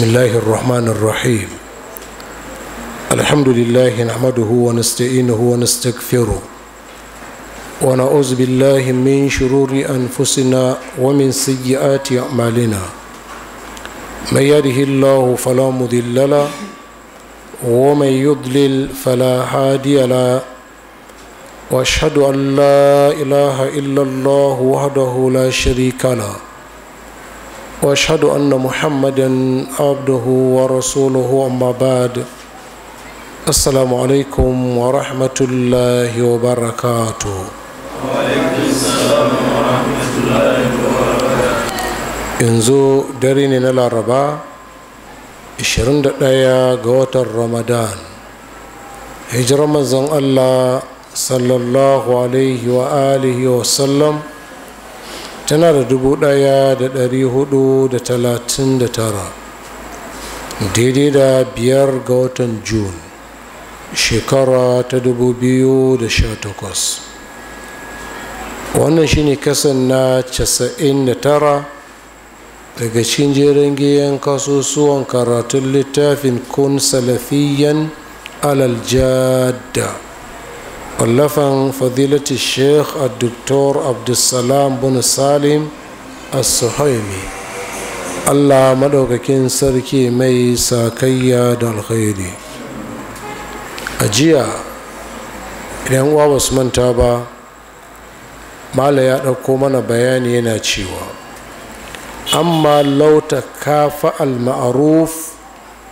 بسم الله الرحمن الرحيم الحمد لله نحمده ونستعينه ونستغفره ونعوذ بالله من شرور انفسنا ومن سيئات اعمالنا من يهده الله فلا مضل له ومن يضلل فلا هادي له واشهد ان لا اله الا الله وحده لا شريك له واشهد ان محمدا عبده ورسوله اما بعد السلام عليكم ورحمه الله وبركاته وعليكم السلام ورحمه الله وبركاته yanzu dare ne na laraba 21 ga watan ramadan hijirar manzon allah sallallahu alaihi wa alihi wa sallam tana da dubu ɗaya da ɗari hudu da talatin da tara daidai da biyar ga watan Jun, shekara ta dubu biyu da sha takwas wannan shine kasan na casa'in da tara daga cikin jerin giyan kasusuwan karatun littafin kun salafiyan alaljada wallafan fadilati sheikh a doktor abdulsalam bin salim as-suhaimi allah maɗaukakin sarki mai sakayya da alkhairi a jiya idan uwa basu manta ba mala ya ɗauko mana bayani yana cewa amma lauta kafa al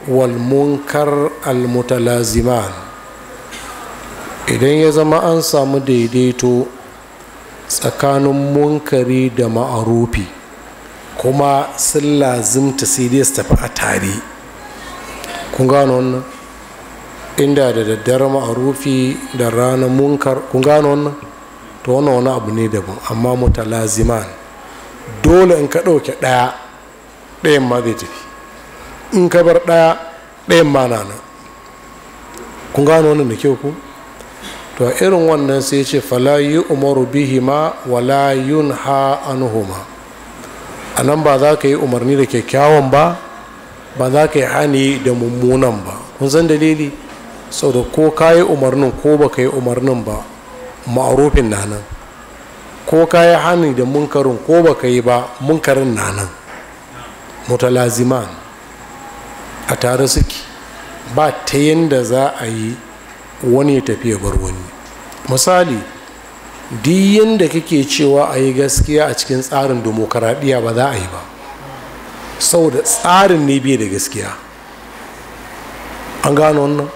walmunkar wal munkar idan ya zama an samu daidaito tsakanin munkari da ma'arufi kuma sun lazimta sai dai su tafi a tare kun gano wannan inda da daddare ma'arufi da rana munkar kun gano wannan to wannan wani abu ne daban amma laziman dole in ka ɗauke ɗaya ɗayan ma zai tafi in ka bar ɗaya ɗayan ma na nan kun gano wannan da kyau ku to irin wannan sai ce fala umaru bihima wala yunha anhuma a nan ba za ka yi umarni da kyakkyawan ba ba za ka yi hani da mummunan ba kun san dalili sau da ko ka yi umarnin ko ba ka yi umarnin ba ma'arufin na nan ko ka yi hani da munkarin ko ba ka yi ba munkarin na nan mutalaziman a tare suke ba ta yadda za a yi wani ya tafi ya bar wani misali duk da kake cewa a yi gaskiya a cikin tsarin demokaradiyya ba za a yi ba saboda tsarin ne bai da gaskiya an gano wannan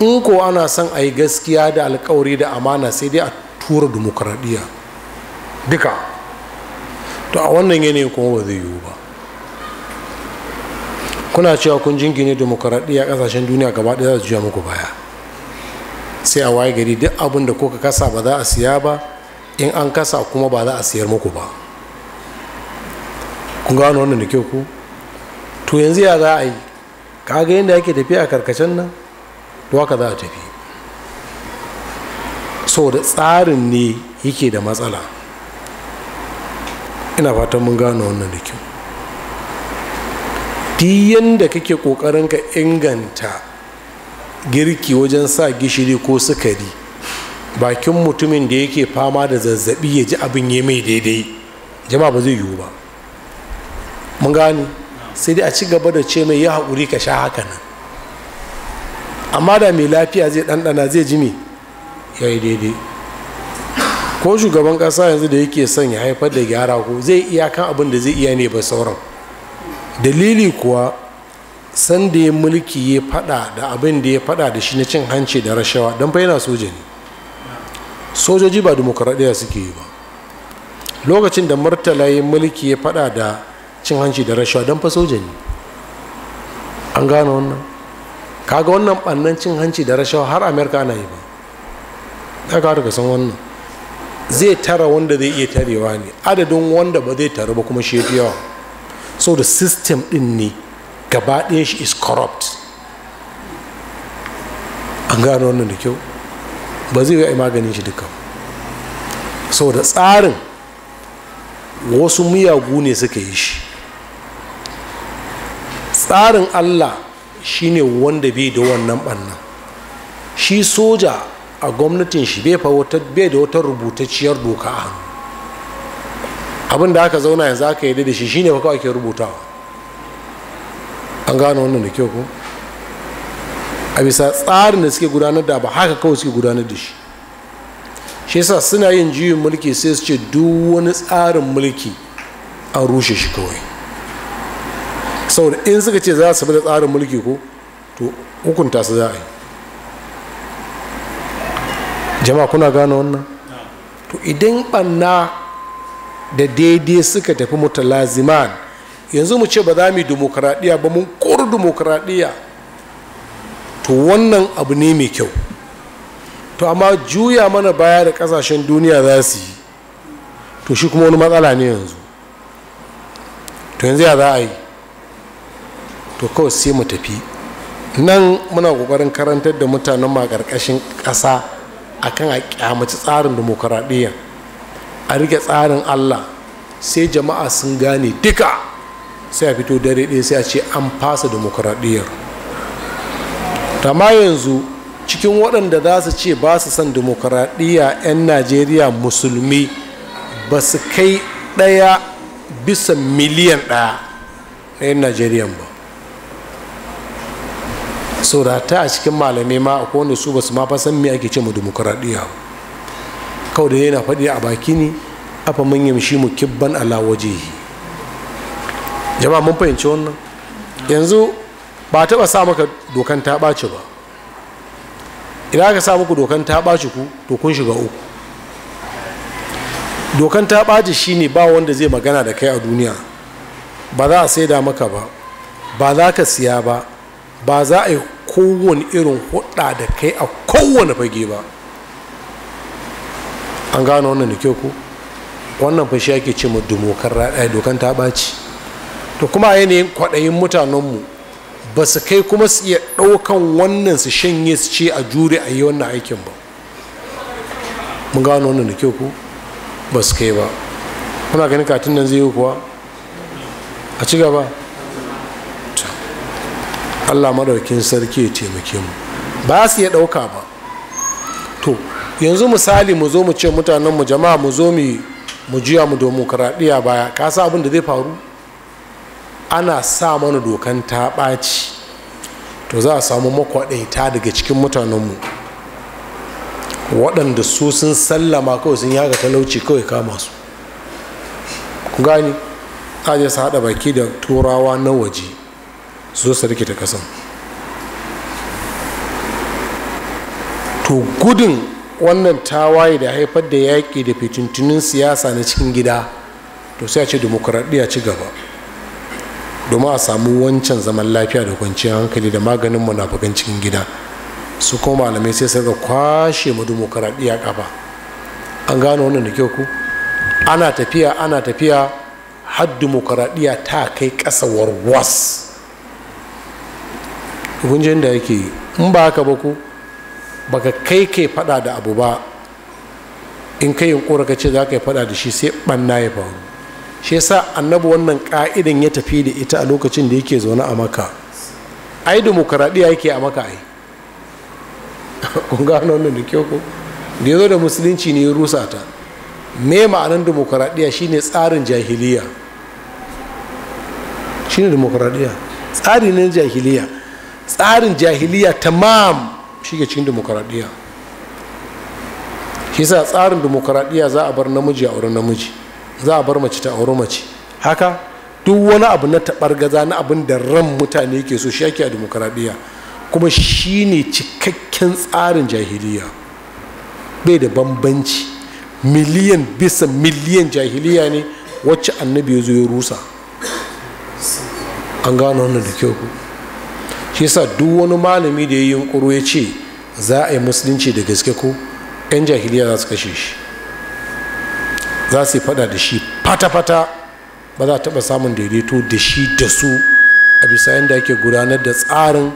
in ko ana son a yi gaskiya da alkawari da amana sai dai a tura demokaradiyya duka to a wannan yanayi kuma ba zai yiwu ba kuna cewa kun jingine demokaradiyya kasashen duniya gaba ɗaya za su juya muku baya sai a waye gari duk abin da kuka kasa ba za a siya ba in an kasa kuma ba za a siyar muku ba kun gano wannan da kyau ku to yanzu ya za a yi kaga yadda yake tafi a karkashin nan to haka za a tafi so da tsarin ne yake da matsala ina fatan mun gano wannan da kyau duk yadda kake kokarin ka inganta girki wajen sa gishiri ko sukari bakin mutumin da yake fama da zazzabi ya ji abin ya mai daidai jama'a ba zai yiwu ba mun gani sai dai a ci gaba da ce mai ya haƙuri ka sha haka nan amma da mai lafiya zai ɗanɗana zai ji me ya yi daidai ko shugaban ƙasa yanzu da yake son ya haifar da gyara ko zai iya kan abin da zai iya ne ba sauran dalili kuwa sanda ya mulki ya fada da abin da ya fada da shi na cin hanci da rashawa don fa yana soja ne sojoji ba demokaradiyya suke yi ba lokacin da murtala ya mulki ya fada da cin hanci da rashawa don fa soja ne an gane wannan kaga wannan bannan cin hanci da rashawa har amerika ana yi ba ya kawo ka san wannan zai tara wanda zai iya tarewa ne adadin wanda ba zai taru ba kuma shi yawa so da system din ne gaba ɗaya shi is corrupt an gano wannan da kyau ba zai yi maganin shi duka saboda tsarin wasu miyagu ne suka yi shi tsarin allah shine wanda bai da wannan ɓannan shi soja a gwamnatin shi bai da wata rubutacciyar doka a hannu abin da aka zauna yanzu aka yi da shi shine ne ake ke rubutawa an gano wannan da kyau ko a bisa tsarin da suke gudanar da ba haka kawai suke gudanar da shi shi yasa suna yin juyin mulki sai su ce duk wani tsarin mulki an rushe shi kawai saboda in suka ce za su bi da tsarin mulki ko to hukunta su za a yi jama'a kuna gane wannan to idan banna da daidai suka tafi mutalaziman yanzu mu ce ba za mu yi dimokuraɗiyya ba mun kori dimokuraɗiyya to wannan abu ne mai kyau to amma juya mana baya da ƙasashen duniya za su yi to shi kuma wani matsala ne yanzu to yanzu ya za a yi to kawai sai mu tafi nan muna ƙoƙarin karantar da mutanen ma ƙarƙashin ƙasa akan a kyamaci tsarin dimokuraɗiyya a rike tsarin allah sai jama'a sun gane duka sai a fito dare ɗaya sai a ce an fasa demokuraɗiyyar ma yanzu cikin waɗanda za su ce ba su son demokuraɗiyya 'yan najeriya musulmi ba su kai ɗaya bisa miliyan ɗaya na 'yan najeriya ba saurata a cikin malamai ma a kowane su ba su ma fasan me ake ce mu demokuraɗiyya ba kawai da yana faɗi a baki ne afa mun yamshi mu kibban ala wajehi jama'a mun fahimci wannan yanzu ba taɓa sa maka dokan ta ɓaci ba idan aka sa muku dokan ta ɓaci ku to kun shiga uku dokan ta ɓaci shine ba wanda zai magana da kai a duniya ba za a saida maka ba ba za ka siya ba ba za a yi kowane irin hudda da kai a kowane fage ba an gano wannan da kyau ku wannan fashi ake ce ma dokan ta ɓaci to kuma a yanayin kwaɗayin mutanenmu ba su kai kuma su iya ɗaukan wannan su shanye su ce a jure a yi wannan aikin ba mun gano wannan da kyau ku ba su kai ba kuna ganin katin nan zai yi kuwa a ci gaba allah madaukin sarki ya taimake mu ba su iya ɗauka ba to yanzu misali mu zo mu ce mutanenmu jama'a mu zo mu juya mu domin karaɗiya baya ka sa abin da zai faru ana sa mana dokan ta ɓaci to za a samu makwaɗaita daga cikin mutanenmu waɗanda su sun sallama kawai sun yaga talauci kawai kama su ku gani a je su haɗa baki da turawa na waje su su rikita kasan to gudun wannan tawaye da haifar da yaƙi da fitintunin siyasa na cikin gida to sai a ce demokuraɗiyya ci gaba domin a samu wancan zaman lafiya da kwanciyar hankali da maganin munafukan cikin gida su kuma malamai sai suka kwashe mu dimokuraɗiyya kafa an gano wannan da kyau ku ana tafiya ana tafiya har dimokuraɗiyya ta kai ƙasa warwas gunjin da yake in ba haka ba ku baka kai kai fada da abu ba in kai yunkura ka ce za ka yi fada da shi sai ɓanna ya faru shi yasa annabi wannan ka'idan ya tafi da ita a lokacin da yake zaune a maka ai demokaradiyya yake a maka ai kun gano wannan da kyau ko da ya zo da musulunci ne ya rusa ta me ma'anar demokaradiyya shine tsarin jahiliya shine demokaradiyya tsari ne jahiliya tsarin jahiliya tamam ke cikin demokaradiyya shi sa tsarin demokaradiyya za a bar namiji a wurin namiji za a bar mace ta auri mace haka duk wani abu na gaza na abin da ran mutane ke so shi ake a demokradiyya kuma shi ne cikakken tsarin jahiliya bai da bambanci miliyan bisa miliyan jahiliya ne wacce annabi ya zo ya rusa an gano wannan da kyau shi yasa duk wani malami da ya yi yunkuru ya ce za a yi musulunci da gaske ko 'yan jahiliya za su kashe shi za su faɗa da shi fata-fata ba za a taɓa samun daidaito da shi da su a bisa yadda ake gudanar da tsarin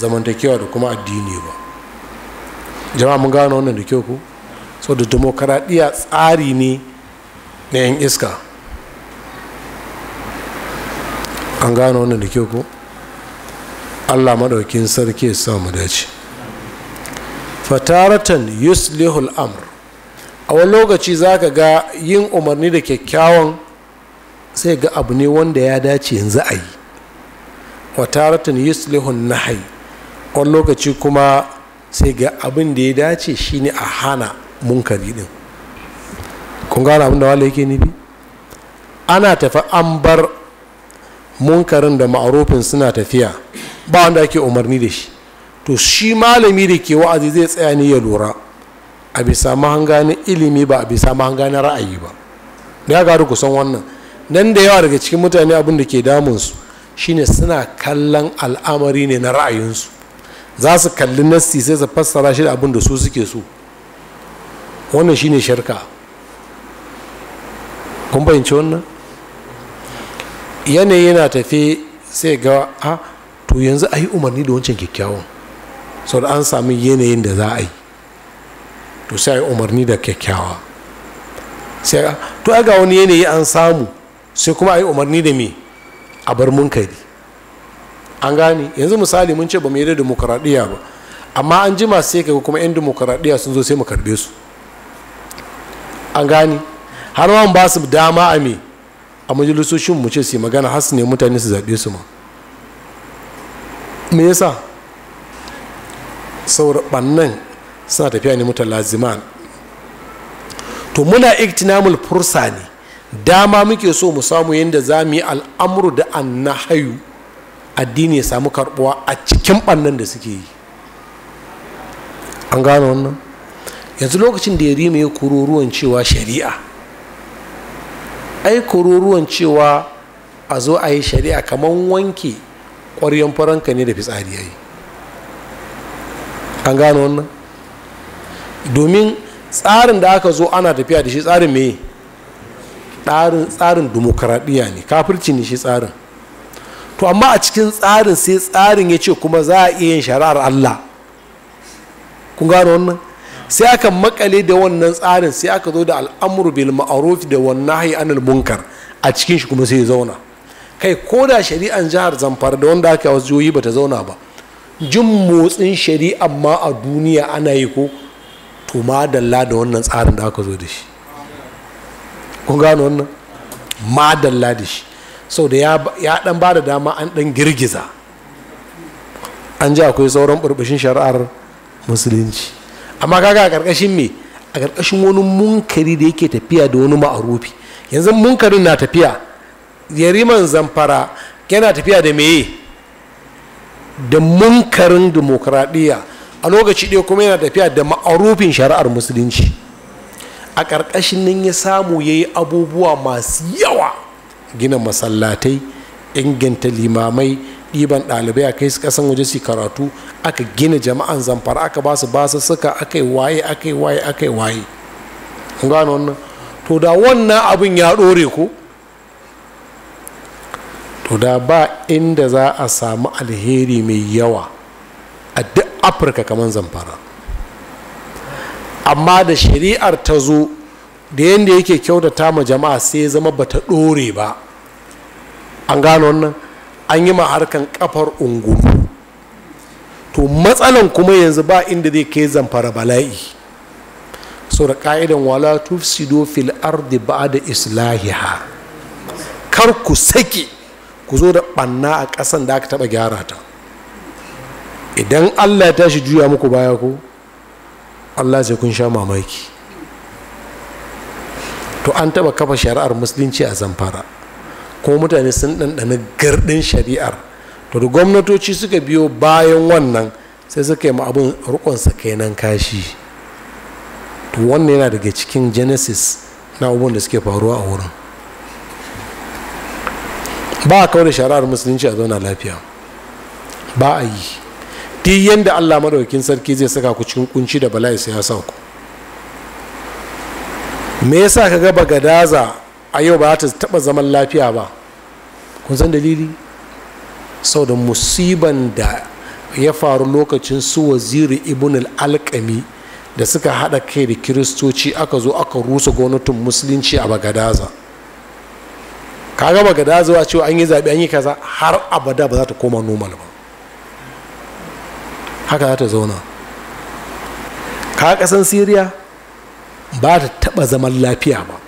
zamantakewa da kuma addini ba jama'a mun gano wannan da kyau ku so da demokaradiyya tsari ne na 'yan iska an gano wannan da kyau ku allah maɗaukin sarki ya samu dace fataratan yuslihul amr a wani lokaci za ka ga yin umarni da kyakkyawan sai ga abu ne wanda ya dace yanzu a yi wataratun yuslihun nahai wani lokaci kuma sai ga abin da ya dace shine a hana munkari din kun gane abin da wale yake nufi ana tafi an bar munkarin da ma'arufin suna tafiya ba wanda ake umarni da shi to shi malami da ke wa'azi zai tsaya ne ya lura a bisa mahanga ilimi ba a bisa mahanga na ra'ayi ba da ya gari kusan wannan nan da yawa daga cikin mutane abin da ke damunsu shine suna kallon al'amari ne na ra'ayinsu za su kalli nassi sai su fassara shi da abin da su suke so wannan shine shirka kun fahimci wannan yanayi yana tafe sai ga a ah, to yanzu a yi umarni da wancan kyakkyawan sau da an sami yanayin da za a yi to sai umarni da kyakkyawa sai to ga wani yanayi an samu sai kuma a yi umarni da me a bar munkari an gane yanzu misali mun ce ba mu yi da demokuraɗiyya ba amma an jima sai ka kuma 'yan demokuraɗiyya sun zo sai mu karbe su an gane har ma ba su dama a me a majalisoshin mu ce su magana har su ne mutane su zaɓe su ma me yasa saurabannan suna tafiya ne laziman to muna iktinamul fursa ne dama muke so mu samu yadda za mu yi al'amuru da annahayu addini ya samu karbuwa a cikin bannan da suke yi an gano wannan yanzu lokacin da ya rima ya kururuwan cewa shari'a ai kururuwan cewa a zo a yi shari'a kamar wanke ƙwaryan faranka ne da fitsari ya yi an gano wannan domin tsarin da aka zo ana tafiya da shi tsarin me tsarin demokaradiyya ne kafirci ne shi tsarin to amma a cikin tsarin sai tsarin ya ce kuma za a iya yin shari'ar allah kun gano wannan sai aka makale da wannan tsarin sai aka zo da al'amuru bil ma'ruf da hayi anil munkar a cikin shi kuma sai ya zauna kai ko da shari'an jihar zamfara da wanda aka wasu jihohi bata zauna ba jin motsin shari'a ma a duniya ana yi ko to madalla da wannan tsarin da aka zo da shi kun gano wannan madalla da shi sau da ya dan ba da dama an dan girgiza an ji akwai sauran burbushin shari'ar musulunci amma kaga a karkashin me a karkashin wani munkari da yake tafiya da wani ma'arufi yanzu munkarin na tafiya yariman zamfara yana tafiya da meye da munkarin dimokuraɗiyya a lokaci ɗaya kuma yana tafiya da ma'arufin shari'ar musulunci a ƙarƙashin nan ya samu ya yi abubuwa masu yawa gina masallatai inganta limamai ɗiban ɗalibai a kai su ƙasan waje su karatu aka gina jama'an zamfara aka ba su basu suka aka yi waye aka yi waye aka yi waye gano wannan to da wannan abin ya ɗore ko to da ba inda za a samu alheri mai yawa a afirka kamar zamfara amma da shari'ar ta zo da yadda yake kyautata ma jama'a sai ya zama bata ɗore ba an gano wannan an yi ma harkan kafar unguwa to matsalan kuma yanzu ba inda zai kai zamfara bala'i so da ka'idan wala tufsido fil ardi da islahiha kar ku saki ku zo da ɓanna a ƙasan da aka taɓa gyara ta idan allah ya tashi juya muku baya ko allah sai kun sha mamaki to an taba kafa shari'ar musulunci a zamfara kuma mutane sun ɗanɗana garɗin shari'ar to da gwamnatoci suka biyo bayan wannan sai suka yi abin rukunsa kenan kashi to wannan yana daga cikin genesis na abubuwan da suke faruwa a wurin ba a kawai shari'ar musulunci a zauna lafiya ba a yi duk yadda allah maɗaukin sarki zai saka ku cikin kunci da bala'i sai ya sa ku me yasa ka ga bagadaza a yau ba ta taɓa zaman lafiya ba kun san dalili sau da musiban da ya faru lokacin su waziri ibn al alkami da suka haɗa kai da kiristoci aka zo aka rusa gwamnatin musulunci a bagadaza kaga bagadaza cewa an yi zaɓe an yi kaza har abada ba za ta koma normal ba haka za ta zauna ka kasan siriya ba ta taba zaman lafiya ba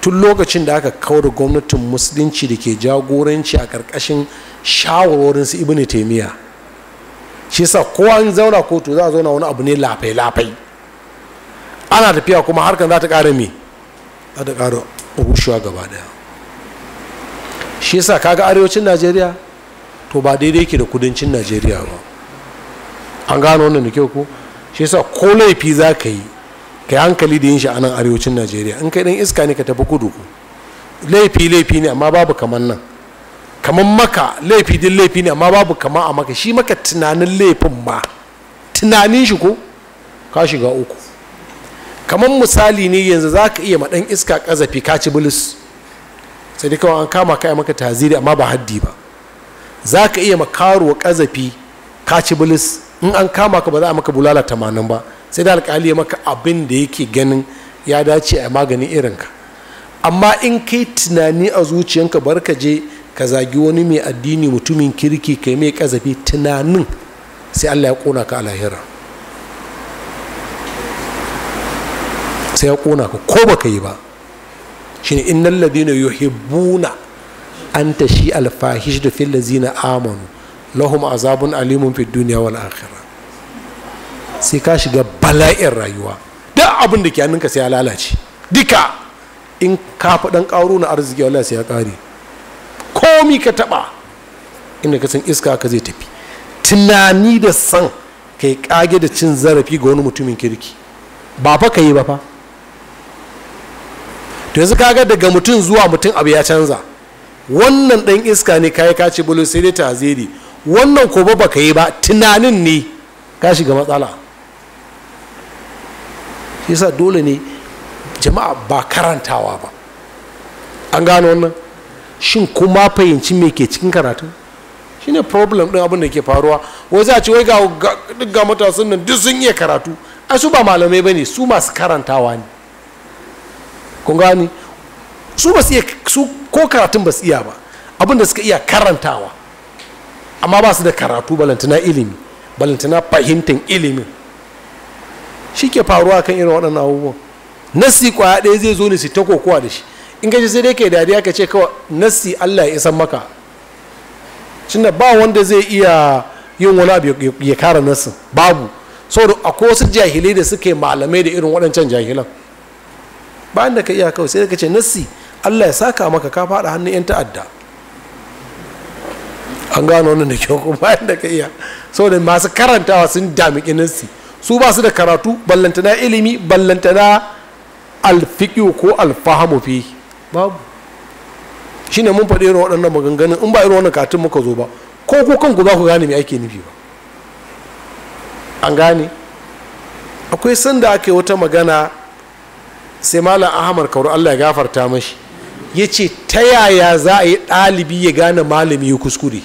tun lokacin da aka kawo gwamnatin musulunci da ke jagoranci a ƙarƙashin shawarwarin su ibini taimiyya shi sa kowa an zauna kotu za a zauna wani abu ne lafai-lafai ana tafiya kuma harkar za ta ƙara me za ta ƙara rushewa gaba daya shi sa kaga arewacin najeriya to ba daidai ke da kudancin najeriya ba an gano wannan da kyau ko shi yasa ko laifi za ka yi ka yi hankali da yin shi a nan arewacin najeriya in kai dan iska ne ka tafi kudu laifi laifi ne amma babu kamar nan kamar maka laifi din laifi ne amma babu kama a maka shi maka tunanin laifin ba tunanin shi ko ka shiga uku kamar misali ne yanzu za ka iya maɗan iska ƙazafi ka ci bilis sai dai kawai an kama ka maka taziri amma ba haddi ba za ka iya makaruwa ƙazafi ka ci bilis in an kama ka ba za a maka bulala tamanin ba sai da alkali ya maka abin da yake ganin ya dace a maganin ka amma in kai tunani a zuciyanka bar ka je ka zagi wani mai addini mutumin kirki kai mai kazafi tunanin sai allah ya kona ka alahira sai ya kona ka ko baka yi ba shine innal ladina yuhibbuna an tashi alfahish da fil ladina amanu lahum azabun alimun fi duniya wal akhirah sai ka shiga bala'in rayuwa duk abin da ke hannunka sai ya lalace duka in ka faɗan ƙaro na arziki wala sai ya ƙare komi ka taɓa inda ka san iska ka zai tafi tunani da san kai kage da cin zarafi ga wani mutumin kirki ba fa ka yi ba fa to yanzu kaga daga mutum zuwa mutum abu ya canza wannan ɗan iska ne kayi kace bulo sai dai ta wannan ko ba ka yi ba tunanin ne ka shiga matsala yasa dole ne jama'a ba karantawa ba an gano wannan shin kuma fahimci me ke cikin karatu shine problem din abin da ke faruwa wai za a wai ga ga matasan nan duk sun iya karatu ai su ba malamai ba ne su masu karantawa ne kun gani su ba su iya su ko karatun ba su iya ba abin da suka iya karantawa amma ba su da karatu balantana ilimi balantana fahimtar ilimi shi ke faruwa kan irin waɗannan abubuwan nassi kwaya ɗaya zai zo ne su ta kokowa da shi in ka sai dai kai dariya ka ce kawai nasi allah ya isan maka tunda ba wanda zai iya yin wani abu ya kara nasi babu saboda akwai wasu jahilai da suke malamai da irin waɗancan jahilan bayan da ka iya kawai sai ka ce nasi allah ya saka maka ka faɗa hannun 'yan ta'adda an gano wannan da kyau kuma yadda ka iya saboda masu karantawa sun dami kinansu su ba su da karatu ballanta na ilimi ballanta na alfiƙi ko alfahamu fi babu shi ne mun faɗi irin waɗannan maganganun in ba irin wannan katin muka zo ba ko ku kanku za ku gane mai ake nufi ba an gane akwai sanda ake wata magana sai malam ahmad kauru allah ya gafarta mashi ya ce ta yaya za a yi ɗalibi ya gane malami ya kuskure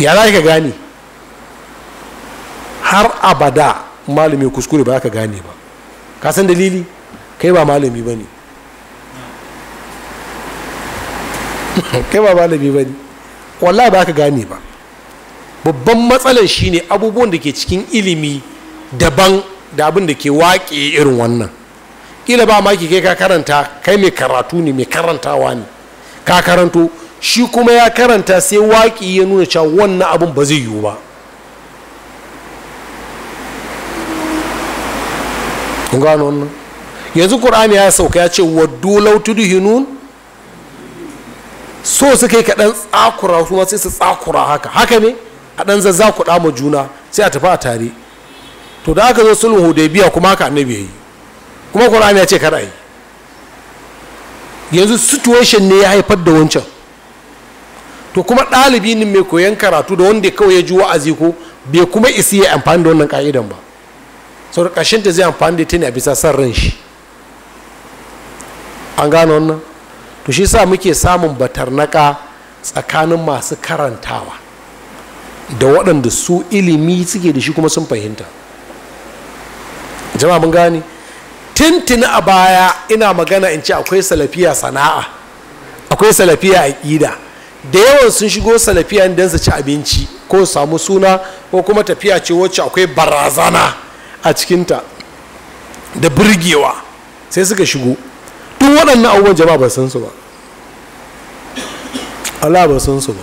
ya za ka gane har abada malami kuskure ba ka gane ba ka san dalili kai ba malami ba ne kai ba malami ba ne wallahi ba ka gane ba babban matsalar shine abubuwan da ke cikin ilimi daban da abin da ke waƙe irin wannan ila ba maki kai ka karanta kai mai karatu ne mai karantawa ne ka karanto shi kuma ya karanta sai waƙi ya nuna cewa wannan abin ba zai yiwu ba yanzu ƙur'ani ya sauka ya ce waddu lautudu hinun so suka yi kaɗan tsakura kuma sai su tsakura haka haka ne a ɗan ku ma juna sai a tafi a tare to da aka zo sulhun hudaybiya kuma haka annabi ya yi kuma ƙur'ani ya ce kada yi yanzu situation ne ya haifar da wancan to kuma ɗalibi ne mai koyon karatu da wanda kawai ya ji wa'azi ko bai kuma isi ya amfani da wannan ka'idan ba sau da ƙarshen ta zai amfani da ta ne a bisa son ran shi an gane wannan to shi sa muke samun batarnaka tsakanin masu karantawa da waɗanda su ilimi suke da shi kuma sun fahimta jama'a mun gane tintini a baya ina magana in ce akwai salafiya sana'a akwai salafiya aƙida da yawan sun shigo salafiya don su ci abinci ko samu suna ko kuma tafiya ce wacce akwai barazana a cikinta da birgewa sai suka shigo duk waɗannan abubuwan jama'a ba san su ba Allah ba san su ba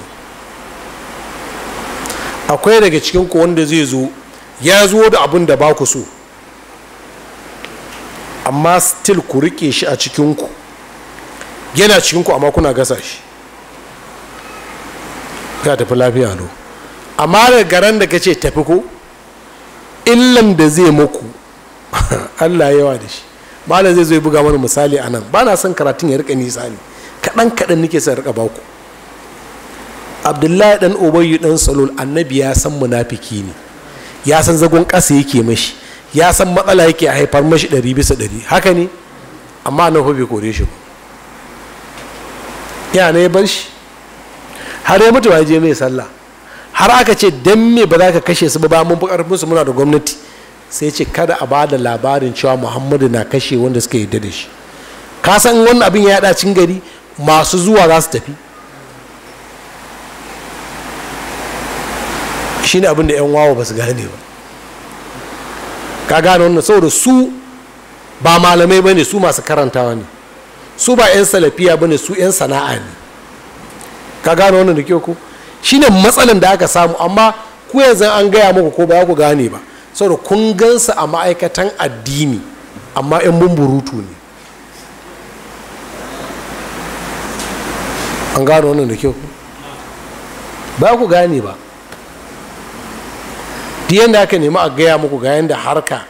akwai daga cikinku wanda zai zo ya zo da abin da ba ku so amma still ku rike shi a cikinku yana cikinku amma kuna gasa shi ya tafi lafiya no amma da garan da kace tafi ko illan da zai muku Allah yawa da shi malam zai zo ya buga mana misali anan ba na son karatun ya rika nisa ne kaɗan kaɗan nake son rika baku abdullahi dan ubayyu dan salul annabi ya san munafiki ne ya san zagon ƙasa yake mashi ya san matsala yake haifar mashi ɗari bisa ɗari haka ne amma na bai kore shi ba ya ne ya bar shi har ya mutu waje mai sallah har aka ce dan me ba za ka kashe su ba mun bukar musu su muna da gwamnati sai ce kada a ba da labarin cewa muhammadu na kashe wanda suka yi da shi ka san wani abin ya yada cin gari masu zuwa za su tafi ne abin da yan wawa ba su gane ba ka gane wannan saboda su ba malamai ba ne su masu karantawa ne su ba 'yan salafiya ba ne su 'yan sana'a ne ka gane wannan da kyau shi shine matsalan da aka samu amma ku yanzu an gaya muku ko ba ku gane ba saboda kun gansa a ma'aikatan addini amma 'yan bumburutu ne an gane wannan da kyau ba ku gane ba duk yadda aka nemi a gaya muku ga yadda harka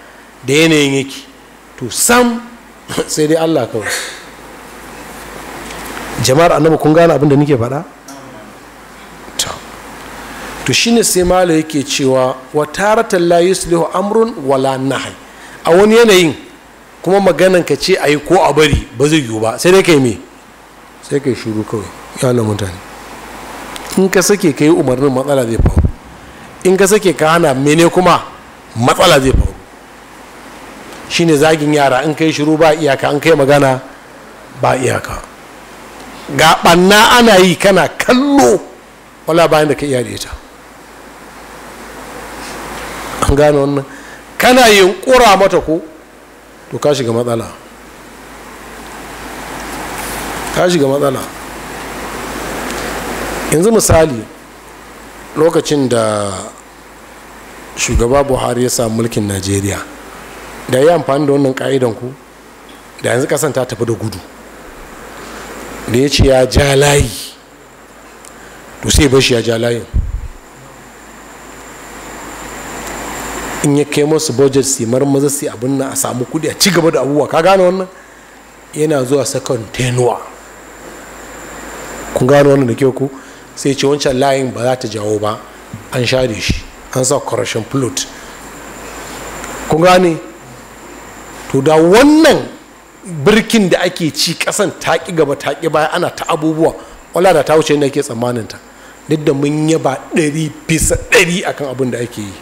da yanayin yake to sam sai dai allah kawai jama'ar annabi kun gane abin da nake faɗa to shine sai malam yake cewa wa taratan la yuslihu amrun wala nahi a wani yanayin kuma maganan ka ce ayi ko a bari ba zai yiwu ba sai dai kai me sai kai shuru kawai ya na mutane in ka sake kai umarnin matsala zai faru in ka sake ka hana mene kuma matsala zai faru shine zagin yara in kai shiru ba iyaka in kai magana ba iyaka ga banna ana yi kana kallo wala bayan da ka iya da ita gane wannan kana yunkura mata ko to ka shiga matsala ka shiga matsala yanzu misali lokacin da shugaba buhari ya samu mulkin najeriya da ya amfani da wannan ka'idan ku da yanzu kasan ta tafi da gudu da ya ce ya ja layi to sai bashi ya ja layin in ya kai masu budget su maza su abin nan a samu kudi a ci gaba da abubuwa ka gane wannan yana zuwa sakon tenuwa kun gane wannan da ke ku sai ce wancan layin ba za ta jawo ba an share shi an sa correction plot kun gane to da wannan birkin da ake ci kasan taƙi gaba taƙi baya ana ta abubuwa wala da ta wuce ne ake tsammanin ta duk da mun yaba ɗari bisa ɗari akan abin da ake yi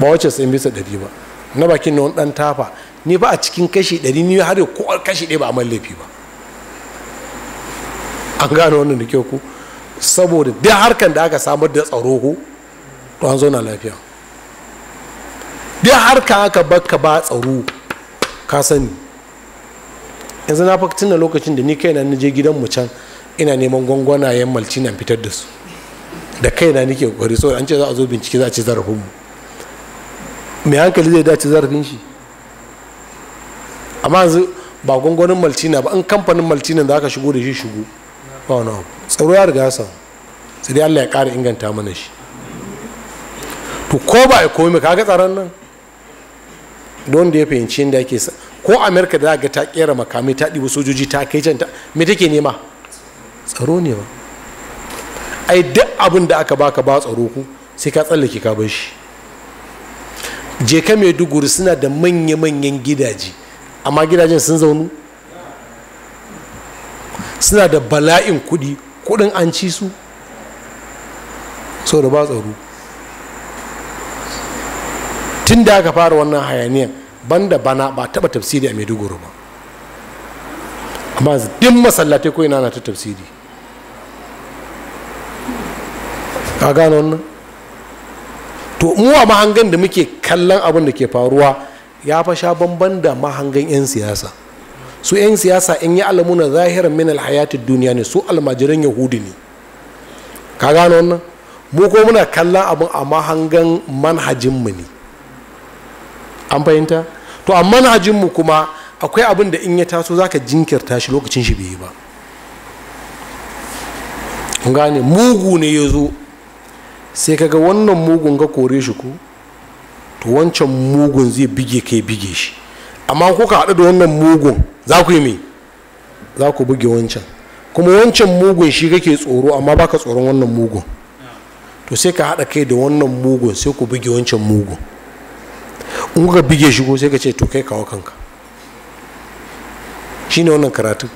ba wacce sai bisa ɗari ba na bakin na wani ɗan tafa ni ba a cikin kashi ɗari ni har ko kashi ɗaya ba a man laifi ba an gano wannan da kyau ku saboda duk harkar da aka samar da tsaro ku to an zauna lafiya duk harka aka baka ba tsaro ka sani yanzu na fa tunan lokacin da ni kaina na je gidan mu can ina neman yan malci na fitar da su da kaina nake kokari so an ce za a zo bincike za a ci zarafin mu mai hankali zai dace zarafin shi amma yanzu ba gwangwanin maltina ba in kamfanin maltina da aka shigo da shi shigo ba tsaro ya riga sa sai dai allah ya ƙara inganta mana shi to ko ba ya komi kaga tsaron nan don da ya fahimci yadda ake sa ko amerika da ga ta kera makamai ta ɗibu sojoji ta kai can ta me take nema tsaro ne ba ai duk abin da aka baka ba tsaro ku sai ka tsallake ka bar shi jeka ka maiduguri suna da manya-manyan gidaje amma gidajen sun zaunu suna da bala'in kudi kudin an ci su so da ba tsaro tun da aka fara wannan hayaniyan banda bana ba taba tafsiri a maiduguri ba amma duk masallatai ko ina na ta tafsiri A gano wannan to mu a mahangan da muke kallon abin da ke faruwa ya fa sha bamban da mahangan 'yan siyasa su 'yan siyasa in yi alamuna zahirar min alhayatid duniya ne su almajiran yahudi ne ka gano wannan mu ko muna kallon abin a mahangan manhajinmu ne an fahimta to a manhajinmu kuma akwai abin da in ya taso zaka jinkirta shi lokacin shi bai yi ba mugu ne ya zo sai kaga wannan mugun ka kore shi ku to wancan mugun zai bige kai bige shi amma kuka haɗu da wannan mugun za ku yi me za ku buge wancan kuma wancan mugun shi kake tsoro amma baka tsoron wannan mugun to sai ka haɗa kai da wannan mugun sai ku buge wancan mugun in kuka bige shi ko sai ka ce to kai kawo kanka shine wannan karatun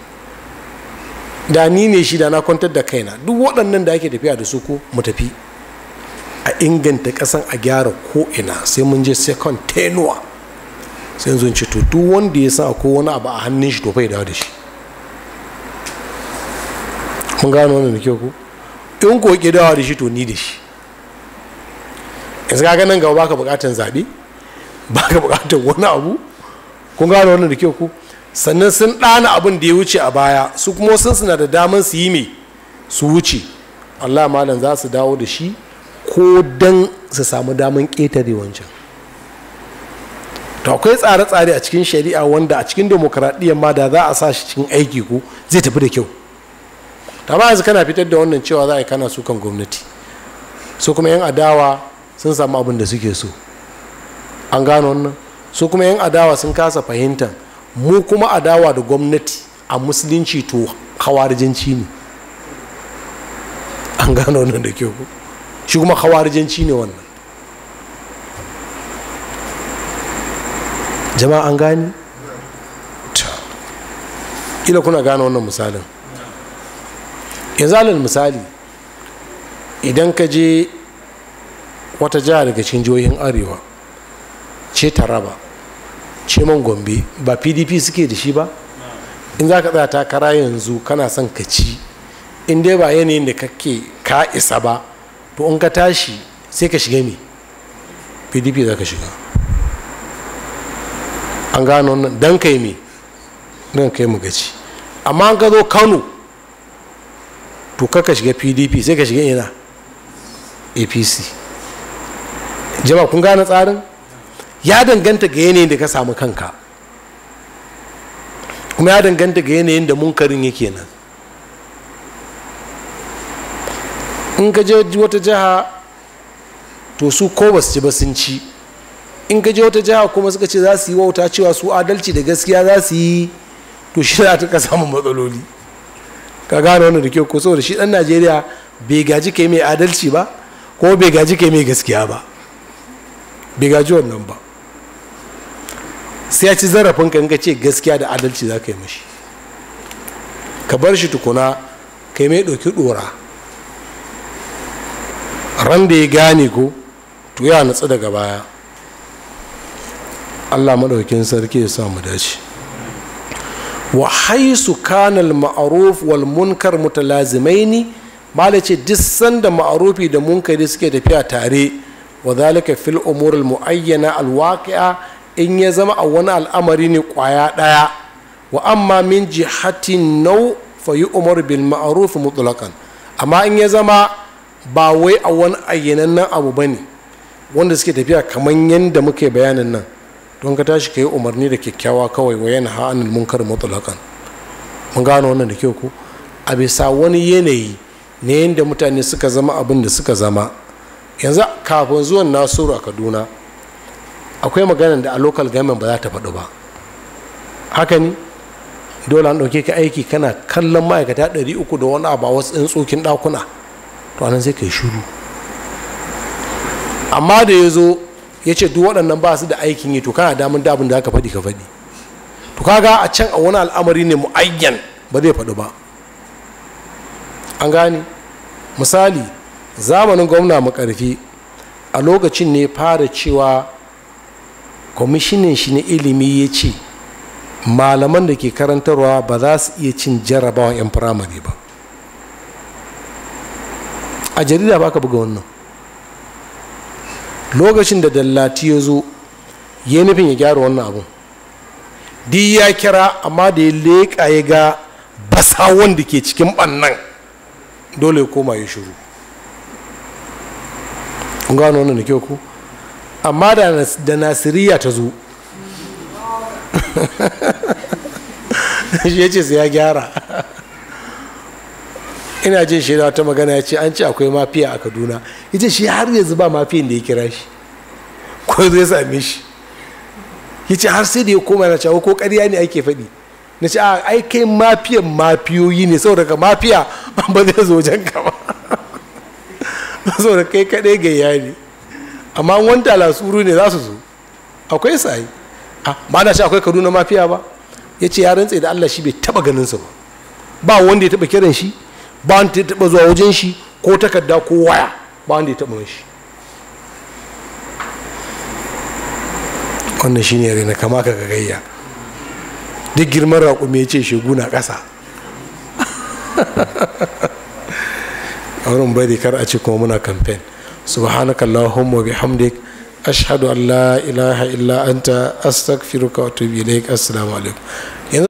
da ni ne shi da na kwantar da kaina duk waɗannan da ake tafiya da su ko mu tafi a inganta kasan a gyara ko'ina sai mun je second tenuwa sai zun ce to duk wanda ya sa ko wani abu a hannun shi to bai dawo da shi mun gano wannan da ke ku in ko ke dawo da shi to ni da shi yanzu ka nan gaba baka bukatan zaɓe baka bukatan wani abu kun gano wannan da ke ku sannan sun ɗana abin da ya wuce a baya su kuma sun suna da daman su yi mai su wuce allah malam za su dawo da shi ko don su samu daman ƙetare wancan to akwai tsare-tsare a cikin shari'a wanda a cikin demokradiyyar ma da za a sa shi cikin aiki ko zai tafi da kyau ta ba yanzu kana fitar da wannan cewa za a yi kana sukan gwamnati su kuma yan adawa sun samu abin da suke so an gano wannan su kuma yan adawa sun kasa fahimta mu kuma adawa da gwamnati a musulunci to hawarjanci ne an gano wannan da kyau shi kuma khawarijanci ne wannan jama'a an gani kila kuna gane wannan misalin yanzu alal misali idan ka je wata jiha daga cikin jihohin arewa ce taraba ce man gombe ba pdp suke da shi ba in za ka tsaya takara yanzu kana son ka ci in dai ba yanayin da kake ka isa ba to in ka tashi sai ka shiga me pdp za ka shiga an gano nan don kai me don kai mu gaci amma an ka zo kano to ka shiga pdp sai ka shiga ina apc jama kun gane tsarin ya danganta ga yanayin da ka samu kanka kuma ya danganta ga yanayin da munkarin yake nan in ka je wata jiha to su ko ba su ci ba sun ci in ka je wata jiha kuma suka ce za su yi wauta cewa su adalci da gaskiya za su yi to shi za ta ka samun matsaloli ka gane wani da kyau ko saboda shi dan najeriya bai gaji kai mai adalci ba ko bai gaji kai mai gaskiya ba bai gaji wannan ba sai ya ci zarafin ka in ka ce gaskiya da adalci za ka yi mashi ka bar shi tukuna kai mai ɗauki ɗora ran da ya gane ko to ya natsu daga baya allah maɗaukin sarki ya sa mu dace wa haisu kanal ma'aruf wal munkar mutalazimaini mala ce duk sanda ma'arufi da munkari suke tafiya tare wa zalika fil umur al muayyana al waqi'a in ya zama a wani al'amari ne kwaya daya wa amma min jihatin nau fa yi umar bil ma'ruf mutlaqan amma in ya zama ba wai a wani nan abu ba ne wanda suke tafiya kamar yadda muke bayanin nan don ka tashi ka yi umarni da kyakkyawa kawai wa yana ha'anin munkar mutulakan mun gano wannan da kyau ko a bisa wani yanayi na yadda mutane suka zama abin da suka zama yanzu kafin zuwan nasiru a kaduna akwai maganar da a local government ba za ta faɗo ba haka ne dole an ɗauke ka aiki kana kallon ma'aikata ɗari uku da wani abu a wasu tsokin ɗakuna to anan sai kai shiru amma da ya zo ya ce duk waɗannan ba su da aikin yi to kana damun da abin da aka faɗi ka faɗi to kaga a can a wani al'amari ne mu'ayyan ba zai faɗi ba an gane misali zamanin gwamna makarfi a lokacin ne fara cewa kwamishinin shi na ilimi ya ce malaman da ke karantarwa ba za su iya cin jarabawan 'yan firamare ba a jarida ba ka buga wannan lokacin da dallati ya zo ya nufin ya gyara wannan abun di ya kira amma da ya leƙa ya ga basa wanda ke cikin ɓannan dole ya koma ya shiru kun gano wannan da kyau ku amma da nasiriya ta zo shi ya ce sai ya gyara ina jin shi wata magana ya ce an ce akwai mafiya a kaduna ita shi har yanzu ba mafiyan da ya kira shi ko zai same shi ya ce har sai da ya koma na cewa ko ƙarya ne ake faɗi na ce a ai kai mafiyan mafiyoyi ne saboda ka mafiya ba zai zo wajen ka ba saboda kai kaɗai gayya ne amma wani talasuru ne za su zo akwai sai ah, ba na ce akwai kaduna mafiya ba ya ce ya rantse da allah shi bai taɓa ganin su ba ba wanda ya taɓa kiran shi ba ta taba taɓa zuwa wajen shi ko takarda ko waya ba da ya mai shi wannan ne rena kama ka gagayya duk girman raƙumi ya ce shegu na ƙasa aurin bari kar a ce kuma muna kamfen subhanaka allahumma bihamdik ashhadu an la ilaha illa anta astaghfiruka wa atubu ilaik assalamu alaikum